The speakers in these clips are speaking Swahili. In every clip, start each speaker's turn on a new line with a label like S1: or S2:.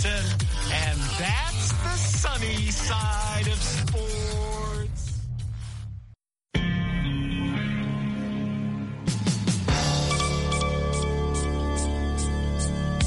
S1: Washington, and that's the sunny side of
S2: sports.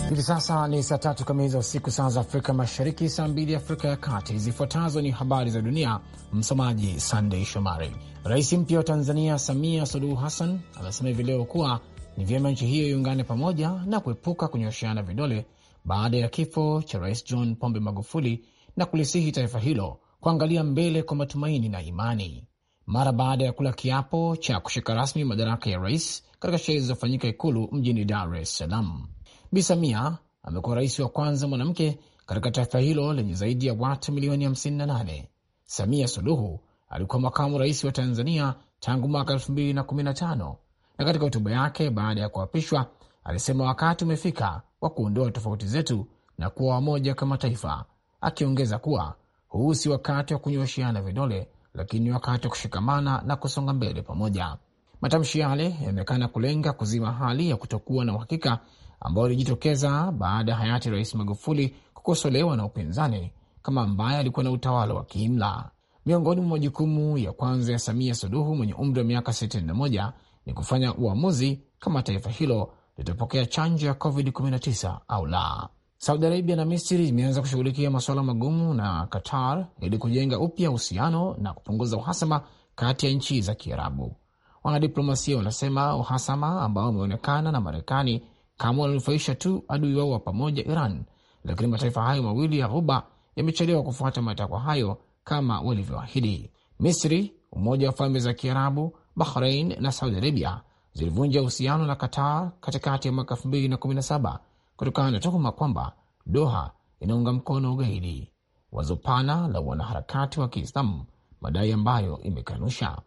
S3: Hivi sasa ni saa tatu kamili za usiku, saa za Afrika Mashariki, saa mbili Afrika ya Kati. Zifuatazo ni habari za dunia, msomaji Sandei Shomari. Rais mpya wa Tanzania Samia Suluhu Hassan amesema hivi leo kuwa ni vyema nchi hiyo iungane pamoja na kuepuka kunyosheana vidole baada ya kifo cha Rais John Pombe Magufuli na kulisihi taifa hilo kuangalia mbele kwa matumaini na imani. Mara baada ya kula kiapo cha kushika rasmi madaraka ya rais katika sherehe zilizofanyika Ikulu mjini Dar es Salaam, Bi Samia amekuwa rais wa kwanza mwanamke katika taifa hilo lenye zaidi ya watu milioni 58. Samia Suluhu alikuwa makamu rais wa Tanzania tangu mwaka 2015 na katika hotuba yake baada ya kuapishwa alisema wakati umefika wa kuondoa tofauti zetu na kuwa wamoja kama taifa, akiongeza kuwa huu si wakati wa kunyoshiana vidole, lakini wakati wa kushikamana na kusonga mbele pamoja. Matamshi yale yaonekana kulenga kuzima hali ya kutokuwa na uhakika ambayo ilijitokeza baada ya hayati Rais Magufuli kukosolewa na upinzani kama ambaye alikuwa na utawala wa kiimla. Miongoni mwa majukumu ya kwanza ya Samia Suluhu mwenye umri wa miaka 61 ni kufanya uamuzi kama taifa hilo litapokea chanjo ya COVID-19 au la. Saudi Arabia na Misri zimeanza kushughulikia masuala magumu na Qatar ili kujenga upya uhusiano na kupunguza uhasama kati ya nchi za Kiarabu. Wanadiplomasia wanasema uhasama ambao umeonekana na Marekani kama wananufaisha tu adui wao wa pamoja Iran, lakini mataifa hayo mawili ya Ghuba yamechelewa kufuata matakwa hayo kama walivyoahidi. Misri, Umoja wa Falme za Kiarabu, Bahrain na Saudi Arabia zilivunja uhusiano na Qatar katikati ya mwaka 2017 kutokana na tuhuma kwamba Doha inaunga mkono ugaidi, wazo pana la wanaharakati wa Kiislamu, madai ambayo imekanusha.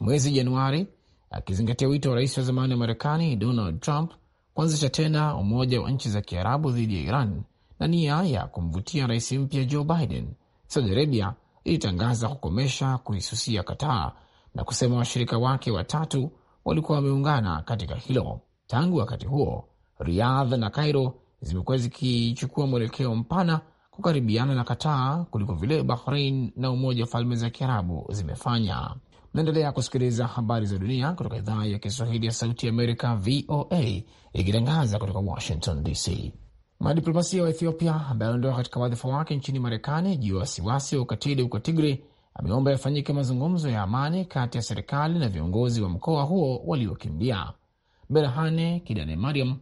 S3: Mwezi Januari, akizingatia wito wa rais wa zamani wa Marekani Donald Trump kuanzisha tena umoja wa nchi za Kiarabu dhidi ya Iran na nia ya kumvutia rais mpya Joe Biden, Saudi Arabia ilitangaza kukomesha kuisusia Qatar na kusema washirika wake watatu walikuwa wameungana katika hilo. Tangu wakati huo, Riyadh na Cairo zimekuwa zikichukua mwelekeo mpana kukaribiana na Kataa kuliko vile Bahrain na Umoja wa Falme za Kiarabu zimefanya. Naendelea kusikiliza habari za dunia kutoka idhaa ya Kiswahili ya Sauti ya Amerika, VOA, ikitangaza kutoka Washington DC. Madiplomasia wa Ethiopia ambaye aliondoka katika wadhifa wake nchini Marekani juu ya wasiwasi wa ukatili huko Tigray ameomba yafanyike mazungumzo ya amani kati ya serikali na viongozi wa mkoa huo waliokimbia. Berhane Kidane Mariam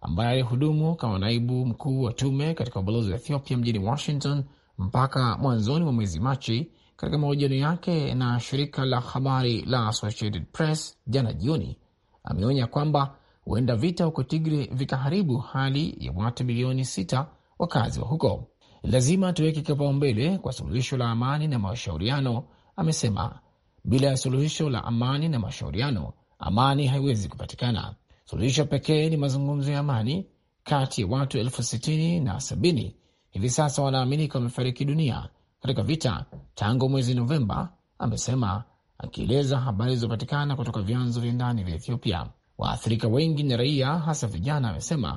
S3: ambaye alihudumu kama naibu mkuu wa tume katika ubalozi wa Ethiopia mjini Washington mpaka mwanzoni mwa mwezi Machi, katika mahojiano yake na shirika la habari la Associated Press jana jioni, ameonya kwamba huenda vita huko Tigre vikaharibu hali ya watu milioni sita wakazi wa huko lazima tuweke kipaumbele kwa suluhisho la amani na mashauriano, amesema. Bila ya suluhisho la amani na mashauriano, amani haiwezi kupatikana. Suluhisho pekee ni mazungumzo ya amani. Kati ya watu elfu sitini na sabini hivi sasa wanaaminika wamefariki dunia katika vita tangu mwezi Novemba, amesema, akieleza habari zilizopatikana kutoka vyanzo vya ndani vya Ethiopia. Waathirika wengi ni raia, hasa vijana, amesema,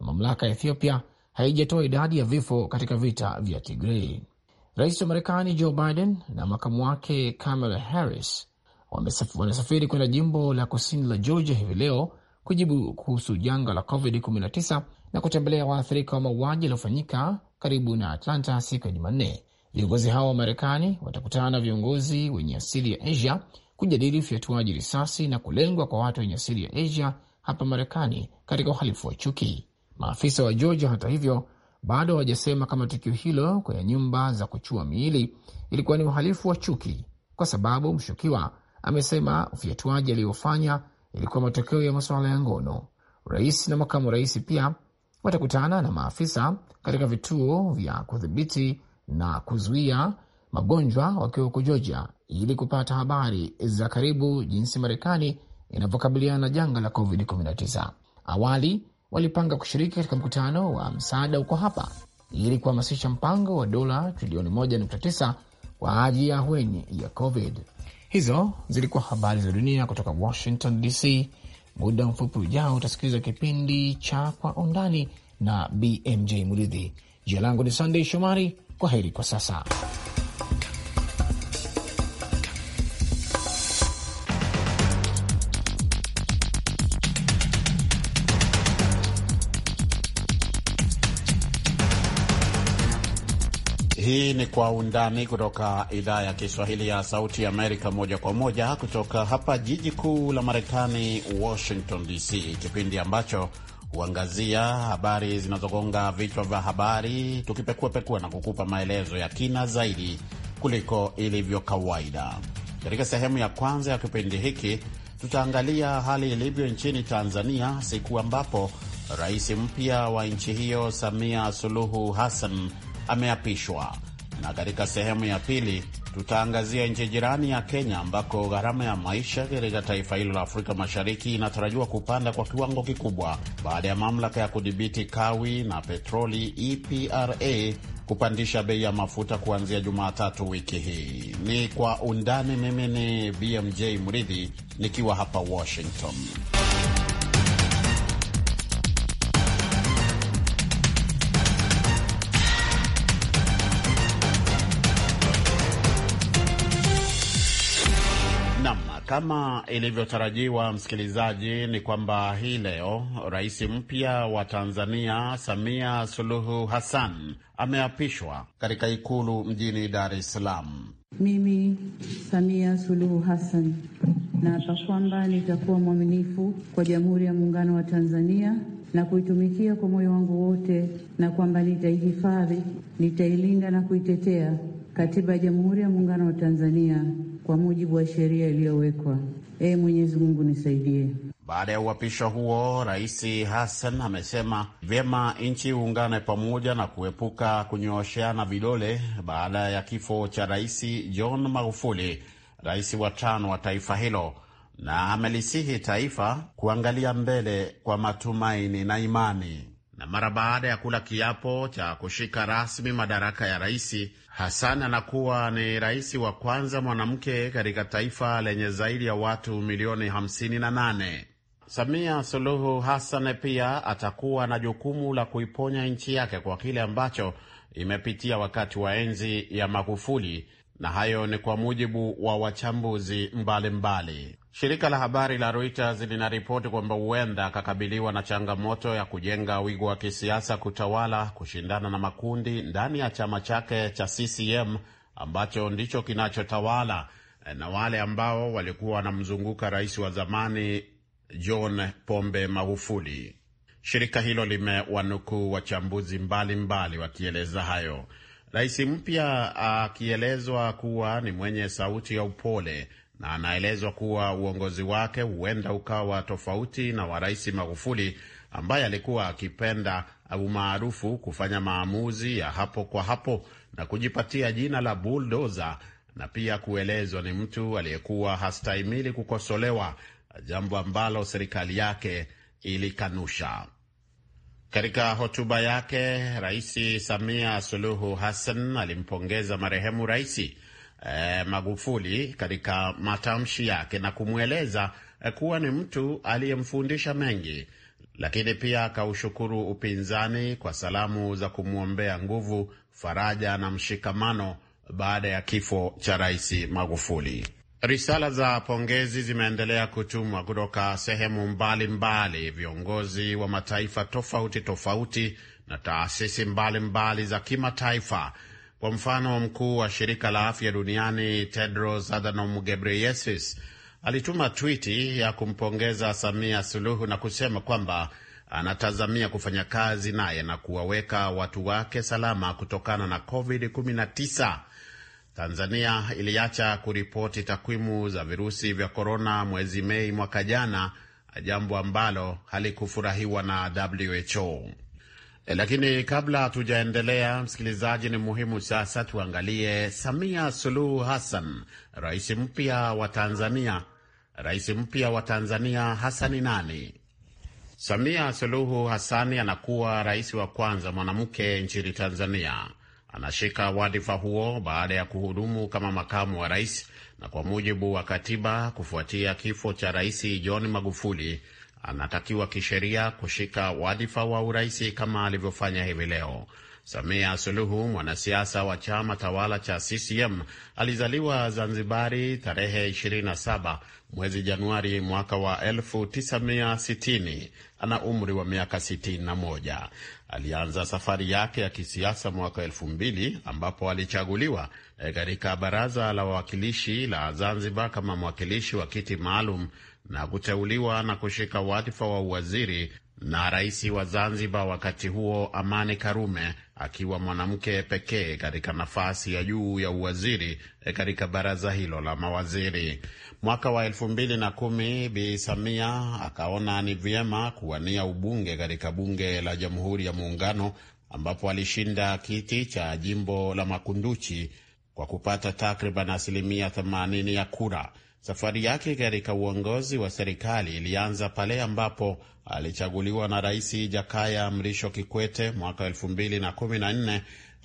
S3: na mamlaka ya Ethiopia haijatoa idadi ya vifo katika vita vya Tigrei. Rais wa Marekani Joe Biden na makamu wake Kamala Harris wanasafiri kwenda jimbo la kusini la Georgia hivi leo kujibu kuhusu janga la COVID-19 na kutembelea waathirika wa mauaji yaliyofanyika karibu na Atlanta siku ya Jumanne. Viongozi hao wa Marekani watakutana na viongozi wenye asili ya Asia kujadili ufyatuaji risasi na kulengwa kwa watu wenye asili ya Asia hapa Marekani katika uhalifu wa chuki. Maafisa wa Georgia, hata hivyo, bado hawajasema kama tukio hilo kwenye nyumba za kuchua miili ilikuwa ni uhalifu wa chuki, kwa sababu mshukiwa amesema ufyatuaji aliyofanya ilikuwa matokeo ya masuala ya ngono. Rais na makamu rais pia watakutana na maafisa katika vituo vya kudhibiti na kuzuia magonjwa wakiwa huko Georgia ili kupata habari za karibu jinsi Marekani inavyokabiliana na janga la COVID-19. Awali walipanga kushiriki katika mkutano wa msaada huko hapa ili kuhamasisha mpango wa dola trilioni 1.9 kwa ajili ya ahueni ya COVID. Hizo zilikuwa habari za dunia kutoka Washington DC. Muda mfupi ujao utasikiliza kipindi cha Kwa Undani na BMJ Muridhi. Jina langu ni Sandey Shomari. Kwa heri kwa sasa.
S4: ni Kwa Undani kutoka idhaa ya Kiswahili ya Sauti ya Amerika, moja kwa moja kutoka hapa jiji kuu la Marekani, Washington DC, kipindi ambacho huangazia habari zinazogonga vichwa vya habari, tukipekuapekua na kukupa maelezo ya kina zaidi kuliko ilivyo kawaida. Katika sehemu ya kwanza ya kipindi hiki tutaangalia hali ilivyo nchini Tanzania, siku ambapo rais mpya wa nchi hiyo Samia Suluhu Hassan ameapishwa na katika sehemu ya pili tutaangazia nchi jirani ya Kenya ambako gharama ya maisha katika taifa hilo la Afrika Mashariki inatarajiwa kupanda kwa kiwango kikubwa baada ya mamlaka ya kudhibiti kawi na petroli EPRA kupandisha bei ya mafuta kuanzia Jumatatu wiki hii. Ni kwa undani. Mimi ni BMJ Mridhi nikiwa hapa Washington. Kama ilivyotarajiwa, msikilizaji, ni kwamba hii leo rais mpya wa Tanzania Samia Suluhu Hassan ameapishwa katika ikulu mjini Dar es Salaam.
S3: Mimi
S5: Samia Suluhu Hassan naapa kwamba nitakuwa mwaminifu kwa Jamhuri ya Muungano wa Tanzania na kuitumikia kwa moyo wangu wote, na kwamba nitaihifadhi, nitailinda na kuitetea Katiba ya Jamhuri ya Muungano wa Tanzania kwa mujibu wa sheria iliyowekwa. Ee Mwenyezi Mungu nisaidie.
S4: Baada ya uhapisho huo, Rais Hassan amesema vyema nchi iungane pamoja na kuepuka kunyoosheana vidole baada ya kifo cha Rais John Magufuli, rais wa tano wa taifa hilo, na amelisihi taifa kuangalia mbele kwa matumaini na imani. Na mara baada ya kula kiapo cha kushika rasmi madaraka ya raisi Hassan anakuwa ni rais wa kwanza mwanamke katika taifa lenye zaidi ya watu milioni 58. Samia Suluhu Hassan pia atakuwa na jukumu la kuiponya nchi yake kwa kile ambacho imepitia wakati wa enzi ya Magufuli na hayo ni kwa mujibu wa wachambuzi mbalimbali mbali. Shirika la habari la Reuters linaripoti kwamba huenda akakabiliwa na changamoto ya kujenga wigo wa kisiasa kutawala, kushindana na makundi ndani ya chama chake cha CCM ambacho ndicho kinachotawala na wale ambao walikuwa wanamzunguka rais wa zamani John Pombe Magufuli. Shirika hilo limewanukuu wachambuzi mbalimbali wakieleza hayo. Rais mpya akielezwa kuwa ni mwenye sauti ya upole na anaelezwa kuwa uongozi wake huenda ukawa tofauti na wa Rais Magufuli ambaye alikuwa akipenda umaarufu, kufanya maamuzi ya hapo kwa hapo na kujipatia jina la buldoza, na pia kuelezwa ni mtu aliyekuwa hastahimili kukosolewa, jambo ambalo serikali yake ilikanusha. Katika hotuba yake, Rais Samia Suluhu Hassan alimpongeza marehemu Raisi eh, Magufuli katika matamshi yake na kumweleza eh, kuwa ni mtu aliyemfundisha mengi, lakini pia akaushukuru upinzani kwa salamu za kumwombea nguvu, faraja na mshikamano baada ya kifo cha Rais Magufuli. Risala za pongezi zimeendelea kutumwa kutoka sehemu mbalimbali mbali, viongozi wa mataifa tofauti tofauti na taasisi mbalimbali mbali za kimataifa. Kwa mfano, mkuu wa shirika la afya duniani Tedros Adhanom Ghebreyesus alituma twiti ya kumpongeza Samia Suluhu na kusema kwamba anatazamia kufanya kazi naye na kuwaweka watu wake salama kutokana na COVID-19. Tanzania iliacha kuripoti takwimu za virusi vya korona mwezi Mei mwaka jana, jambo ambalo halikufurahiwa na WHO. Eh, lakini kabla hatujaendelea, msikilizaji, ni muhimu sasa tuangalie Samia Suluhu Hassan, rais mpya wa Tanzania. Rais mpya wa Tanzania hasa ni nani? Samia Suluhu Hassani anakuwa rais wa kwanza mwanamke nchini Tanzania. Anashika wadhifa huo baada ya kuhudumu kama makamu wa rais na kwa mujibu wa katiba, kufuatia kifo cha Rais John Magufuli, anatakiwa kisheria kushika wadhifa wa uraisi kama alivyofanya hivi leo. Samia Suluhu, mwanasiasa wa chama tawala cha CCM, alizaliwa Zanzibari tarehe 27 mwezi Januari mwaka wa 1960. Ana umri wa miaka 61. Alianza safari yake ya kisiasa mwaka elfu mbili ambapo alichaguliwa eh, katika baraza la wawakilishi la Zanzibar kama mwakilishi wa kiti maalum na kuteuliwa na kushika wadhifa wa uwaziri na rais wa Zanzibar wakati huo Amani Karume akiwa mwanamke pekee katika nafasi ya juu ya uwaziri eh, katika baraza hilo la mawaziri. Mwaka wa elfu mbili na kumi Bi Samia akaona ni vyema kuwania ubunge katika bunge la Jamhuri ya Muungano ambapo alishinda kiti cha jimbo la Makunduchi kwa kupata takriban asilimia 80 ya kura. Safari yake katika uongozi wa serikali ilianza pale ambapo alichaguliwa na Rais Jakaya Mrisho Kikwete mwaka 2014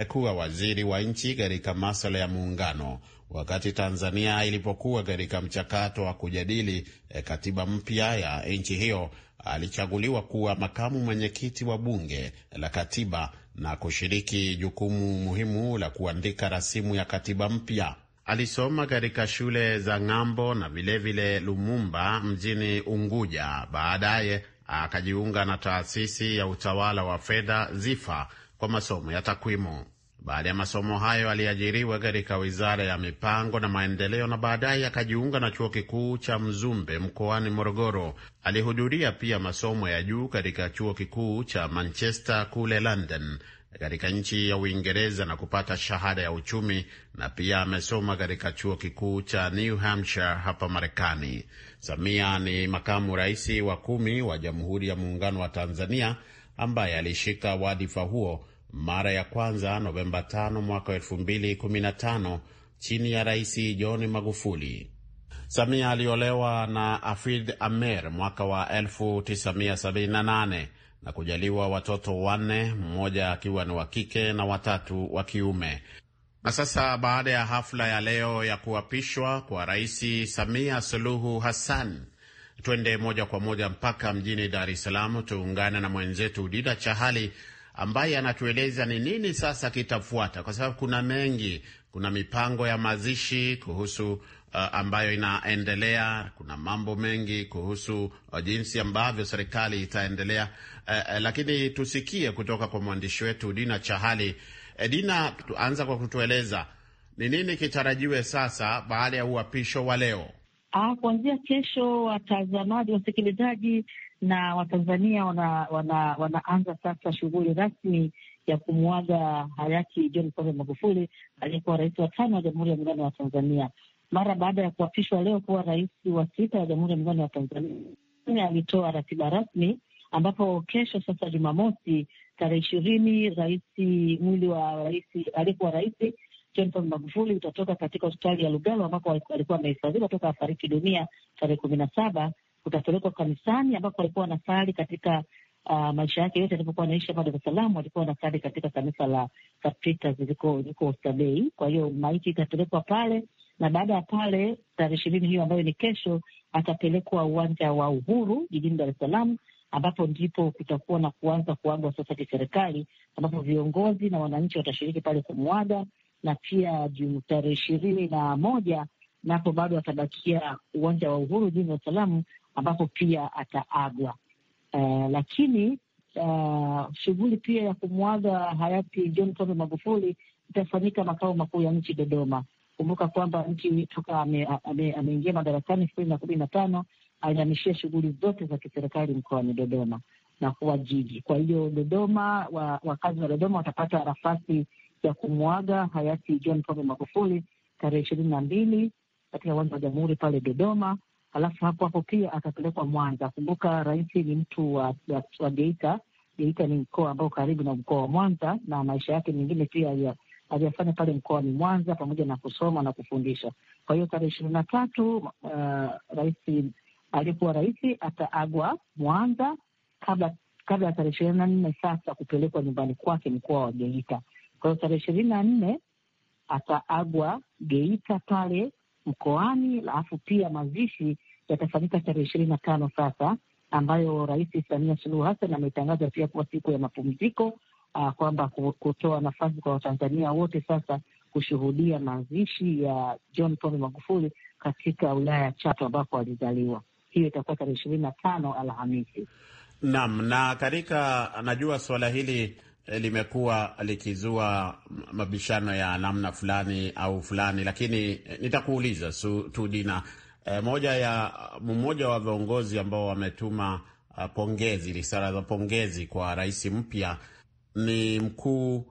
S4: kuwa waziri wa nchi katika maswala ya muungano wakati Tanzania ilipokuwa katika mchakato wa kujadili eh, katiba mpya ya nchi hiyo. Alichaguliwa kuwa makamu mwenyekiti wa bunge la katiba na kushiriki jukumu muhimu la kuandika rasimu ya katiba mpya. Alisoma katika shule za ng'ambo na vilevile Lumumba mjini Unguja. Baadaye akajiunga na taasisi ya utawala wa fedha ZIFA kwa masomo ya takwimu. Baada ya masomo hayo aliajiriwa katika wizara ya mipango na maendeleo na baadaye akajiunga na chuo kikuu cha Mzumbe mkoani Morogoro. Alihudhuria pia masomo ya juu katika chuo kikuu cha Manchester kule London katika nchi ya Uingereza na kupata shahada ya uchumi, na pia amesoma katika chuo kikuu cha New Hampshire hapa Marekani. Samia ni makamu rais wa kumi wa Jamhuri ya Muungano wa Tanzania ambaye alishika wadhifa huo mara ya kwanza Novemba 5 mwaka 2015 chini ya Rais John Magufuli. Samia aliolewa na Afid Amer mwaka wa 1978 na kujaliwa watoto wanne, mmoja akiwa ni wa kike na watatu wa kiume. Na sasa baada ya hafla ya leo ya kuapishwa kwa Rais Samia Suluhu Hassan, twende moja kwa moja mpaka mjini Dar es Salaam tuungane na mwenzetu Dida Chahali ambaye anatueleza ni nini sasa kitafuata, kwa sababu kuna mengi. Kuna mipango ya mazishi kuhusu uh, ambayo inaendelea. Kuna mambo mengi kuhusu uh, jinsi ambavyo serikali itaendelea uh, uh, lakini tusikie kutoka kwa mwandishi wetu Dina Chahali Edina, anza kwa kutueleza ni nini kitarajiwe sasa baada ya uhapisho wa leo?
S5: Ah, kuanzia kesho watazamaji, wasikilizaji na Watanzania wanaanza wana, wana sasa shughuli rasmi ya kumwaga hayati John Pombe Magufuli aliyekuwa rais wa tano wa Jamhuri ya Muungano wa Tanzania mara baada ya kuapishwa leo kuwa rais wa sita wa Jamhuri ya Muungano wa Tanzania. Alitoa ratiba rasmi ambapo kesho sasa Jumamosi tarehe ishirini rais mwili wa rais aliyekuwa rais Johnson Magufuli utatoka katika hospitali ya Lugalo ambako alikuwa amehifadhiwa toka afariki dunia tarehe kumi na saba utapelekwa kanisani ambapo alikuwa anasali katika uh, maisha yake yote alipokuwa anaishi hapa Dar es Salaam, alikuwa anasali katika kanisa la St Peters liko Oysterbay. Kwa hiyo maiti itapelekwa pale, na baada ya pale tarehe ishirini hiyo ambayo ni kesho, atapelekwa uwanja wa Uhuru jijini Dar es Salaam ambapo ndipo kutakuwa na kuanza kuagwa sasa kiserikali, ambapo viongozi na wananchi watashiriki pale kumwaga, na pia tarehe ishirini na moja napo bado atabakia uwanja wa Uhuru jijini Dar es Salaam, ambapo pia ataagwa. Uh, lakini uh, shughuli pia ya kumwaga hayati John Pombe Magufuli itafanyika makao makuu ya nchi Dodoma. Kumbuka kwamba nchi toka ameingia ame, ame madarakani elfu mbili na kumi na tano alihamishia shughuli zote za kiserikali mkoani Dodoma na kuwa jiji. Kwa hiyo Dodoma, wakazi wa Dodoma watapata nafasi ya kumwaga hayati John Pombe Magufuli tarehe ishirini na mbili katika uwanja wa Jamhuri pale Dodoma. Halafu hapo hapo pia atapelekwa Mwanza. Kumbuka rais ni mtu wa, wa, wa Geita. Geita ni mkoa ambao karibu na mkoa wa Mwanza, na maisha yake mengine pia aliyafanya pale mkoa ni Mwanza pamoja na kusoma na kufundisha. Kwa hiyo tarehe ishirini na tatu uh, rais aliyekuwa rais ataagwa Mwanza kabla kabla ya tarehe ishirini na nne sasa kupelekwa nyumbani kwake mkoa wa Geita. Kwa hiyo tarehe ishirini na nne ataagwa Geita pale mkoani, alafu pia mazishi yatafanyika tarehe ishirini na tano sasa ambayo Rais Samia Suluhu Hassan ametangaza pia kuwa siku ya mapumziko ah, kwamba kutoa nafasi kwa Watanzania wote sasa kushuhudia mazishi ya John Pombe Magufuli katika wilaya ya Chato ambapo alizaliwa hiyo itakuwa tarehe ishirini na tano Alhamisi.
S4: Naam, na katika najua suala hili eh, limekuwa likizua mabishano ya namna fulani au fulani, lakini eh, nitakuuliza tu Dina. E, moja ya mmoja wa viongozi ambao wametuma uh, pongezi, risala za pongezi kwa rais mpya ni mkuu uh,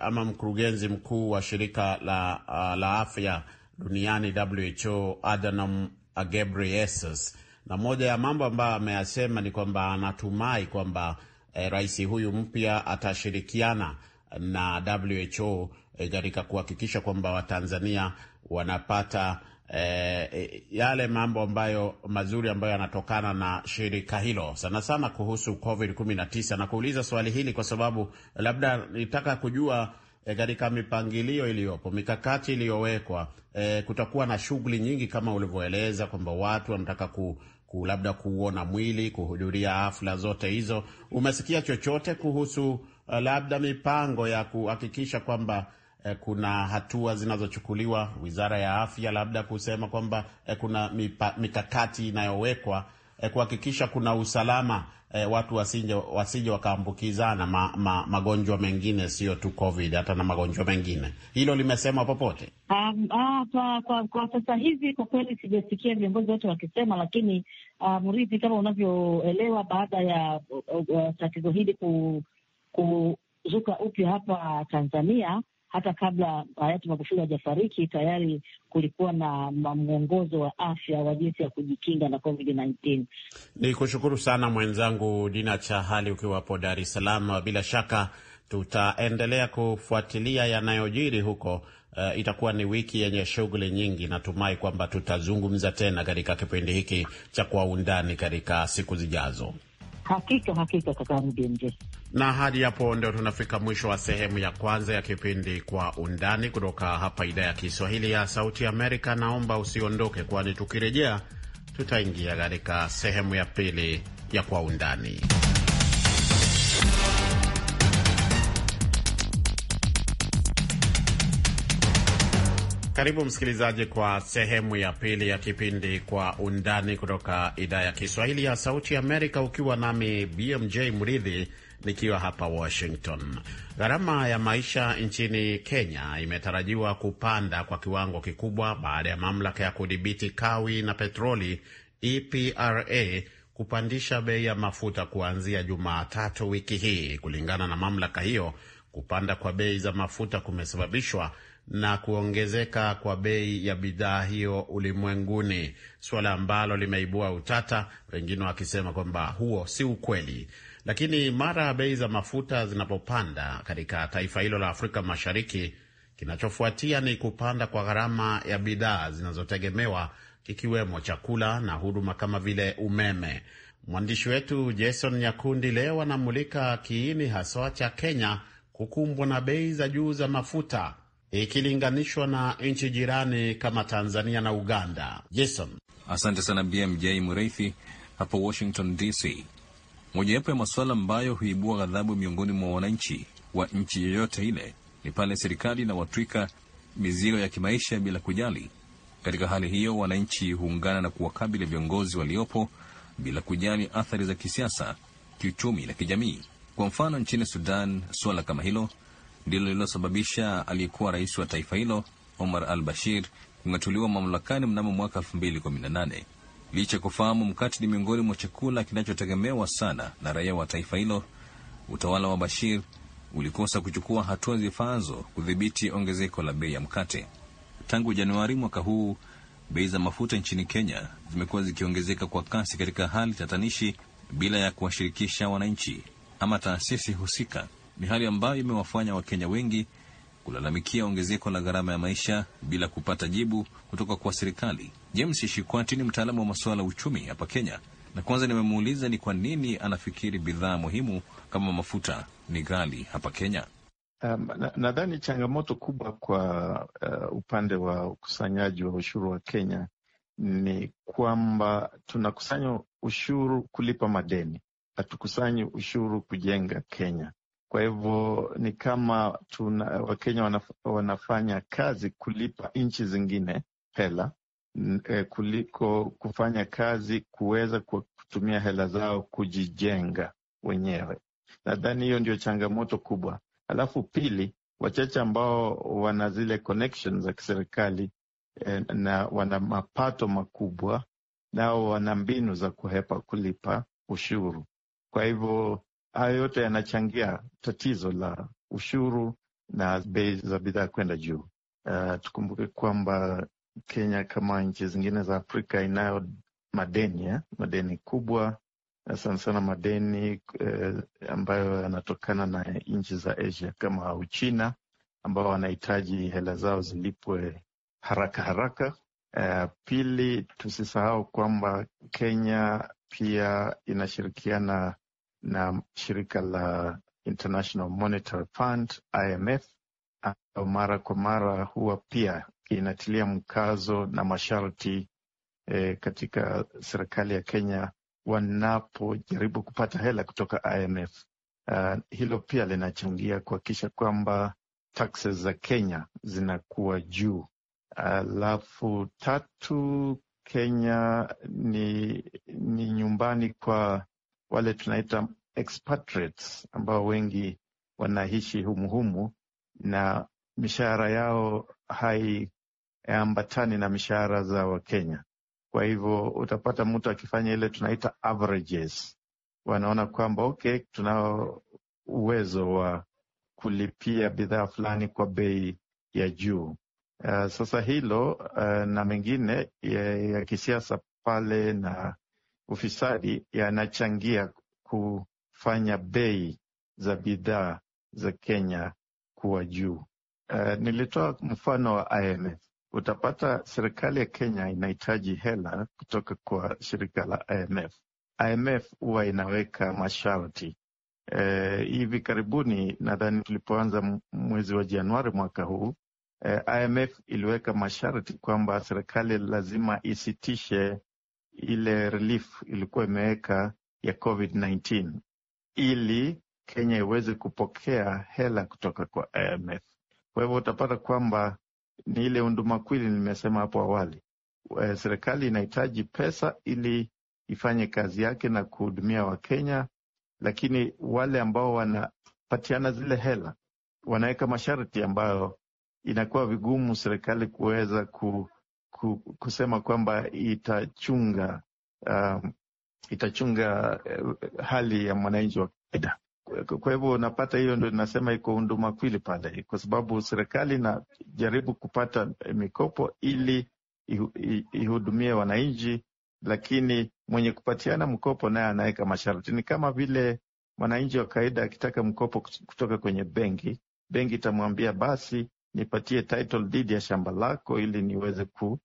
S4: ama mkurugenzi mkuu wa shirika la, uh, la afya duniani WHO Adhanom Ghebreyesus na moja ya mambo ambayo ameyasema ni kwamba anatumai kwamba eh, rais huyu mpya atashirikiana na WHO eh, katika eh, kuhakikisha kwamba Watanzania wanapata eh, yale mambo ambayo mazuri ambayo yanatokana na shirika hilo, sana sana kuhusu COVID-19. Na kuuliza swali hili kwa sababu labda nitaka kujua eh, katika e, mipangilio iliyopo, mikakati iliyowekwa, e, kutakuwa na shughuli nyingi kama ulivyoeleza kwamba watu wanataka ku, labda kuuona mwili, kuhudhuria hafla zote hizo. Umesikia chochote kuhusu eh, labda mipango ya kuhakikisha kwamba eh, kuna hatua zinazochukuliwa wizara ya afya, labda kusema kwamba eh, kuna mipa, mikakati inayowekwa eh, kuhakikisha kuna usalama eh, watu wasije wasije wakaambukizana ma, ma, magonjwa mengine, sio tu COVID, hata na magonjwa mengine. Hilo limesema popote?
S5: Um, ah, kwa, kwa, kwa sasa hivi kwa kweli sijasikia viongozi wote wakisema, lakini uh, ah, Mridhi, kama unavyoelewa, baada ya uh, uh, tatizo hili ku, kuzuka upya hapa Tanzania hata kabla hayati Magufuli hajafariki tayari kulikuwa na mwongozo wa afya wa jinsi ya kujikinga na COVID-19.
S4: Ni kushukuru sana mwenzangu Dina Chahali ukiwa hapo Dar es Salaam. Bila shaka tutaendelea kufuatilia yanayojiri huko. Uh, itakuwa ni wiki yenye shughuli nyingi. Natumai kwamba tutazungumza tena katika kipindi hiki cha Kwa Undani katika siku zijazo.
S5: Hakika hakika, kaka
S4: na hadi hapo ndio tunafika mwisho wa sehemu ya kwanza ya kipindi Kwa Undani kutoka hapa idhaa ya Kiswahili ya Sauti Amerika. Naomba usiondoke, kwani tukirejea tutaingia katika sehemu ya pili ya Kwa Undani. Karibu msikilizaji, kwa sehemu ya pili ya kipindi Kwa Undani kutoka idhaa ya Kiswahili ya Sauti Amerika, ukiwa nami BMJ Mridhi nikiwa hapa Washington. Gharama ya maisha nchini Kenya imetarajiwa kupanda kwa kiwango kikubwa baada ya mamlaka ya kudhibiti kawi na petroli EPRA kupandisha bei ya mafuta kuanzia Jumatatu wiki hii. Kulingana na mamlaka hiyo, kupanda kwa bei za mafuta kumesababishwa na kuongezeka kwa bei ya bidhaa hiyo ulimwenguni, suala ambalo limeibua utata, wengine wakisema kwamba huo si ukweli. Lakini mara bei za mafuta zinapopanda katika taifa hilo la Afrika Mashariki, kinachofuatia ni kupanda kwa gharama ya bidhaa zinazotegemewa kikiwemo chakula na huduma kama vile umeme. Mwandishi wetu Jason Nyakundi leo anamulika kiini haswa cha Kenya kukumbwa na bei za juu za mafuta ikilinganishwa na nchi jirani kama Tanzania na Uganda.
S2: Jason, asante sana BMJ Mreithi hapo Washington DC. Mojawapo ya masuala ambayo huibua ghadhabu miongoni mwa wananchi wa nchi yoyote ile ni pale serikali inawatwika mizigo ya kimaisha bila kujali. Katika hali hiyo, wananchi huungana na kuwakabili viongozi waliopo bila kujali athari za kisiasa, kiuchumi na kijamii. Kwa mfano, nchini Sudan, suala kama hilo ndilo lililosababisha aliyekuwa rais wa taifa hilo Omar al Bashir kung'atuliwa mamlakani mnamo mwaka 2018 licha kufahamu mkate ni miongoni mwa chakula kinachotegemewa sana na raia wa taifa hilo, utawala wa Bashir ulikosa kuchukua hatua zifaazo kudhibiti ongezeko la bei ya mkate. Tangu Januari mwaka huu, bei za mafuta nchini Kenya zimekuwa zikiongezeka kwa kasi katika hali tatanishi bila ya kuwashirikisha wananchi ama taasisi husika. Ni hali ambayo imewafanya Wakenya wengi kulalamikia ongezeko la gharama ya maisha bila kupata jibu kutoka kwa serikali. James Shikwati ni mtaalamu wa masuala ya uchumi hapa Kenya, na kwanza nimemuuliza ni kwa nini anafikiri bidhaa muhimu kama mafuta ni ghali hapa Kenya. Um,
S6: nadhani na changamoto kubwa kwa uh, upande wa ukusanyaji wa ushuru wa Kenya ni kwamba tunakusanya ushuru kulipa madeni, hatukusanyi ushuru kujenga Kenya. Kwa hivyo ni kama tuna, Wakenya wanaf, wanafanya kazi kulipa nchi zingine hela eh, kuliko kufanya kazi kuweza kutumia hela zao kujijenga wenyewe. Nadhani hiyo ndio changamoto kubwa. Alafu pili, wachache ambao wana zile connections za kiserikali eh, na wana mapato makubwa, nao wana mbinu za kuhepa kulipa ushuru. Kwa hivyo hayo yote yanachangia tatizo la ushuru na bei za bidhaa kwenda juu. Uh, tukumbuke kwamba Kenya kama nchi zingine za Afrika inayo madeni ya, eh? madeni kubwa eh, sana sana madeni eh, ambayo yanatokana na nchi za Asia kama Uchina ambao wanahitaji hela zao zilipwe haraka haraka. Eh, pili, tusisahau kwamba Kenya pia inashirikiana na shirika la International Monetary Fund IMF, mara kwa mara huwa pia inatilia mkazo na masharti e, katika serikali ya Kenya wanapojaribu kupata hela kutoka IMF. Uh, ah, hilo pia linachangia kuhakikisha kwamba taxes za Kenya zinakuwa juu. Alafu uh, tatu, Kenya ni, ni nyumbani kwa wale tunaita expatriates ambao wengi wanaishi humuhumu na mishahara yao hai ambatani na mishahara za Wakenya. Kwa hivyo utapata mtu akifanya ile tunaita averages, wanaona kwamba okay, tunao uwezo wa kulipia bidhaa fulani kwa bei ya juu. Uh, sasa hilo uh, na mengine ya, ya kisiasa pale na ufisadi yanachangia kufanya bei za bidhaa za Kenya kuwa juu. Uh, nilitoa mfano wa IMF utapata serikali ya Kenya inahitaji hela kutoka kwa shirika la IMF. IMF huwa inaweka masharti e, hivi karibuni nadhani tulipoanza mwezi wa Januari mwaka huu e, eh, IMF iliweka masharti kwamba serikali lazima isitishe ile relief ilikuwa imeweka ya COVID-19 ili Kenya iweze kupokea hela kutoka kwa IMF. Kwa hivyo utapata kwamba ni ile kwili nimesema hapo awali. E, serikali inahitaji pesa ili ifanye kazi yake na kuhudumia Wakenya, lakini wale ambao wanapatiana zile hela wanaweka masharti ambayo inakuwa vigumu serikali kuweza ku, ku, kusema kwamba itachunga um, itachunga uh, hali ya mwananchi wa kawaida. Kwa hivyo unapata hiyo, ndo inasema iko unduma kwili pale, kwa sababu serikali inajaribu kupata eh, mikopo ili ihudumie wananchi, lakini mwenye kupatiana mkopo naye anaweka masharti. Ni kama vile mwananchi wa kawaida akitaka mkopo kutoka kwenye benki, benki itamwambia basi nipatie title deed ya shamba lako ili niweze ku,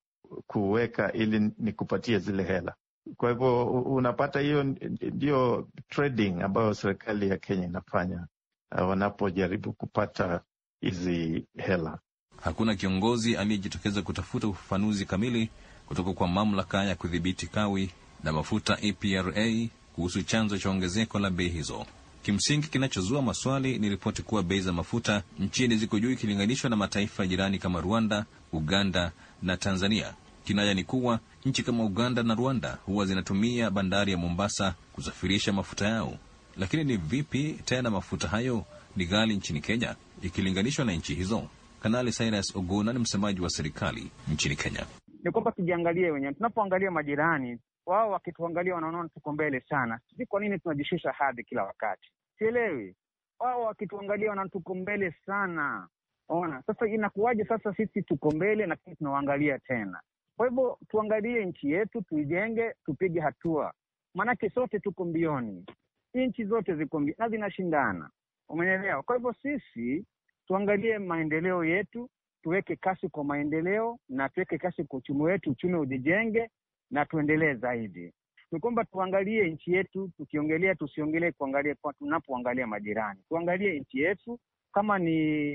S6: kuweka ili nikupatie zile hela. Kwa hivyo unapata hiyo ndiyo trading ambayo serikali ya Kenya inafanya uh, wanapojaribu kupata
S2: hizi hela. Hakuna kiongozi aliyejitokeza kutafuta ufafanuzi kamili kutoka kwa mamlaka ya kudhibiti kawi na mafuta EPRA kuhusu chanzo cha ongezeko la bei hizo. Kimsingi, kinachozua maswali ni ripoti kuwa bei za mafuta nchini ziko juu ikilinganishwa na mataifa jirani kama Rwanda, Uganda na Tanzania. Kinaya ni kuwa nchi kama Uganda na Rwanda huwa zinatumia bandari ya Mombasa kusafirisha mafuta yao, lakini ni vipi tena mafuta hayo ni ghali nchini Kenya ikilinganishwa na nchi hizo? Kanali Cyrus Oguna ni msemaji wa serikali nchini Kenya.
S7: Ni kwamba tujiangalie wenyewe, tunapoangalia majirani wao wakituangalia wanaona tuko mbele sana. Sisi kwa nini tunajishusha hadhi kila wakati? Sielewi. Wao wakituangalia wanaona tuko mbele sana. Ona sasa inakuwaje? Sasa sisi tuko mbele, lakini tunawaangalia tena. Kwa hivyo tuangalie nchi yetu, tuijenge, tupige hatua, maanake sote tuko mbioni, nchi zote ziko mbioni na zinashindana, umenielewa? Kwa hivyo sisi tuangalie maendeleo yetu, tuweke kasi kwa maendeleo na tuweke kasi kwa uchumi wetu, uchumi ujijenge na tuendelee zaidi. Ni kwamba tuangalie nchi yetu, tukiongelea tusiongelee kuangalia kwa tunapoangalia majirani, tuangalie nchi yetu kama ni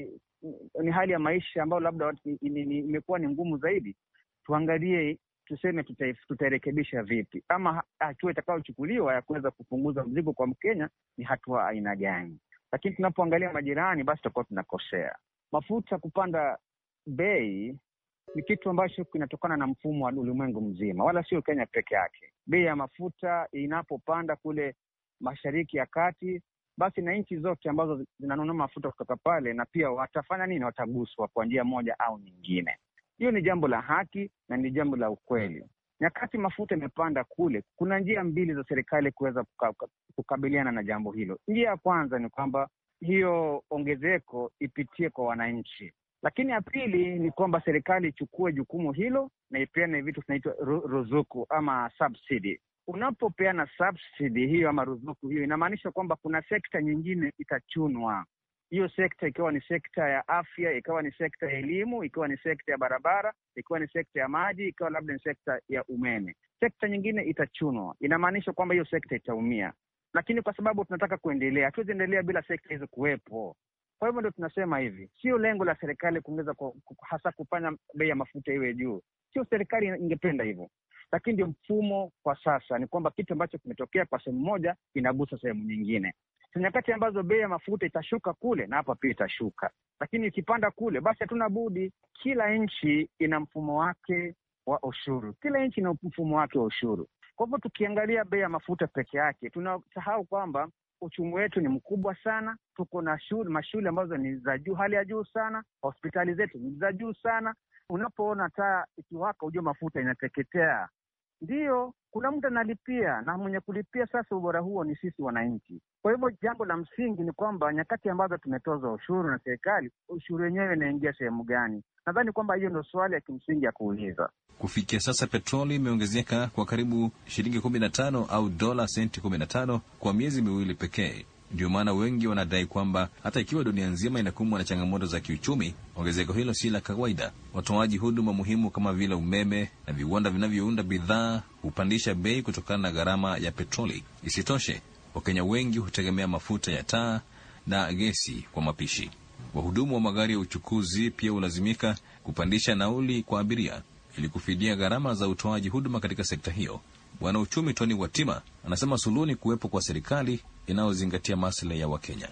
S7: ni hali ya maisha ambayo labda imekuwa ni ngumu zaidi, tuangalie tuseme tutarekebisha vipi, ama hatua itakayochukuliwa ya kuweza kupunguza mzigo kwa Mkenya ni hatua aina gani? Lakini tunapoangalia majirani, basi tutakuwa tunakosea. Mafuta kupanda bei ni kitu ambacho kinatokana na mfumo wa ulimwengu mzima, wala sio Kenya peke yake. Bei ya mafuta inapopanda kule mashariki ya kati, basi na nchi zote ambazo zinanunua mafuta kutoka pale, na pia watafanya nini? Wataguswa kwa njia moja au nyingine. Hiyo ni jambo la haki na ni jambo la ukweli. Nyakati mafuta imepanda kule, kuna njia mbili za serikali kuweza kukabiliana na jambo hilo. Njia ya kwanza ni kwamba hiyo ongezeko ipitie kwa wananchi, lakini ya pili ni kwamba serikali ichukue jukumu hilo na ipeane vitu vinaitwa ruzuku ama subsidy. Unapopeana subsidy hiyo ama ruzuku hiyo, inamaanisha kwamba kuna sekta nyingine itachunwa hiyo sekta ikiwa ni sekta ya afya, ikiwa ni sekta ya elimu, ikiwa ni sekta ya barabara, ikiwa ni sekta ya maji, ikiwa labda ni sekta ya umeme. Sekta nyingine itachunwa, inamaanisha kwamba hiyo sekta itaumia, lakini kwa sababu tunataka kuendelea, hatuwezi endelea bila sekta hizo kuwepo. Kwa hivyo ndio tunasema hivi, sio lengo la serikali kuongeza, hasa kufanya bei ya mafuta iwe juu. Sio serikali ingependa hivyo, lakini ndio mfumo kwa sasa ni kwamba kitu ambacho kimetokea kwa sehemu moja kinagusa sehemu nyingine nyakati ambazo bei ya mafuta itashuka kule na hapa pia itashuka, lakini ikipanda kule, basi hatuna budi. Kila nchi ina mfumo wake wa ushuru, kila nchi ina mfumo wake wa ushuru. Kwa hivyo tukiangalia bei ya mafuta peke yake, tunasahau kwamba uchumi wetu ni mkubwa sana. Tuko na shule, mashule ambazo ni za juu, hali ya juu sana. Hospitali zetu ni za juu sana. Unapoona taa ikiwaka, hujua mafuta inateketea ndiyo kuna mtu analipia na mwenye kulipia sasa ubora huo ni sisi wananchi. Kwa hivyo jambo la msingi ni kwamba nyakati ambazo tumetozwa ushuru na serikali, ushuru wenyewe inaingia sehemu gani? Nadhani kwamba hiyo ndio swali ya kimsingi ya kuuliza.
S2: Kufikia sasa petroli imeongezeka kwa karibu shilingi kumi na tano au dola senti kumi na tano kwa miezi miwili pekee. Ndio maana wengi wanadai kwamba hata ikiwa dunia nzima inakumbwa na changamoto za kiuchumi, ongezeko hilo si la kawaida. Watoaji huduma muhimu kama vile umeme na viwanda vinavyounda bidhaa hupandisha bei kutokana na gharama ya petroli. Isitoshe, Wakenya wengi hutegemea mafuta ya taa na gesi kwa mapishi. Wahudumu wa magari ya uchukuzi pia hulazimika kupandisha nauli kwa abiria ili kufidia gharama za utoaji huduma katika sekta hiyo. Bwana uchumi Tony Watima anasema suluhu ni kuwepo kwa serikali inayozingatia maslahi ya Wakenya.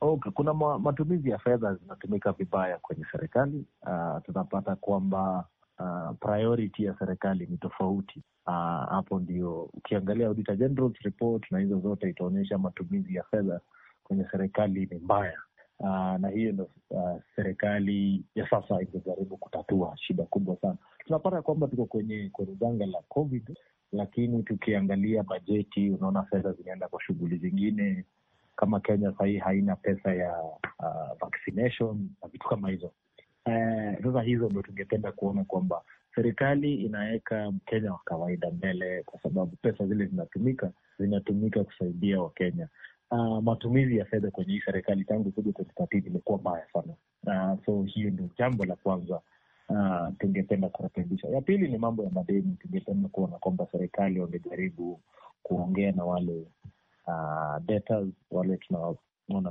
S1: Okay, kuna matumizi ya fedha zinatumika vibaya kwenye serikali. Uh, tunapata kwamba uh, priority ya serikali ni tofauti. Ah, hapo uh, ndio ukiangalia Auditor General's report na hizo zote itaonyesha matumizi ya fedha kwenye serikali ni mbaya. Uh, na hiyo ndo uh, serikali ya sasa imejaribu kutatua shida kubwa sana. Tunapata kwamba tuko kwenye kwenye janga la COVID lakini tukiangalia bajeti, unaona fedha zinaenda kwa shughuli zingine. Kama Kenya sahii haina pesa ya uh, vaccination na vitu kama hizo. Eh, sasa uh, hizo ndo tungependa kuona kwamba serikali inaweka Mkenya wa kawaida mbele, kwa sababu pesa zile zinatumika zinatumika kusaidia Wakenya. Uh, matumizi ya fedha kwenye hii serikali tangu kuja imekuwa mbaya sana. Uh, so hiyo ndio jambo la kwanza Ah, tungependa kurekebisha. Ya pili ni mambo ya madeni. Tungependa kuona kwamba serikali wamejaribu kuongea na wale uh, debtors, wale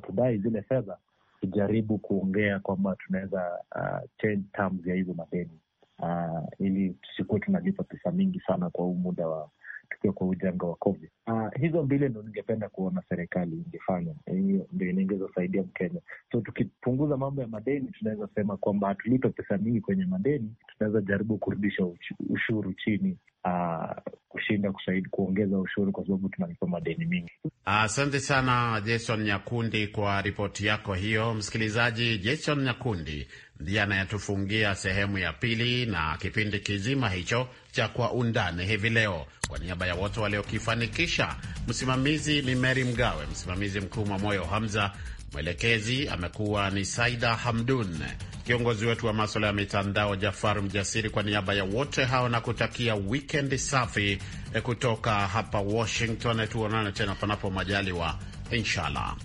S1: tudai zile fedha, tujaribu kuongea kwamba tunaweza uh, change terms ya hizo madeni uh, ili tusikuwe tunalipa pesa mingi sana kwa huu muda wa kupitia kwa ujanga wa COVID. Uh, hizo mbili ndo ningependa kuona serikali ingefanya, hiyo ndio saidia Mkenya. So tukipunguza mambo ya madeni, tunaweza sema kwamba hatulipe pesa mingi kwenye madeni, tunaweza jaribu kurudisha ushuru chini uh, kushinda kusaidi kuongeza ushuru kwa sababu tunalipa madeni mingi.
S4: Asante uh, sana Jason Nyakundi kwa ripoti yako hiyo. Msikilizaji, Jason Nyakundi ndiye anayetufungia sehemu ya pili na kipindi kizima hicho cha Kwa Undani hivi leo. Kwa niaba ya wote waliokifanikisha, msimamizi ni Meri Mgawe, msimamizi mkuu Mwamoyo Hamza, Mwelekezi amekuwa ni Saida Hamdun, kiongozi wetu wa maswala ya mitandao Jafar Mjasiri, kwa niaba ya wote hao na kutakia wikendi safi eh, kutoka hapa Washington. Tuonane tena panapo majaliwa, inshallah.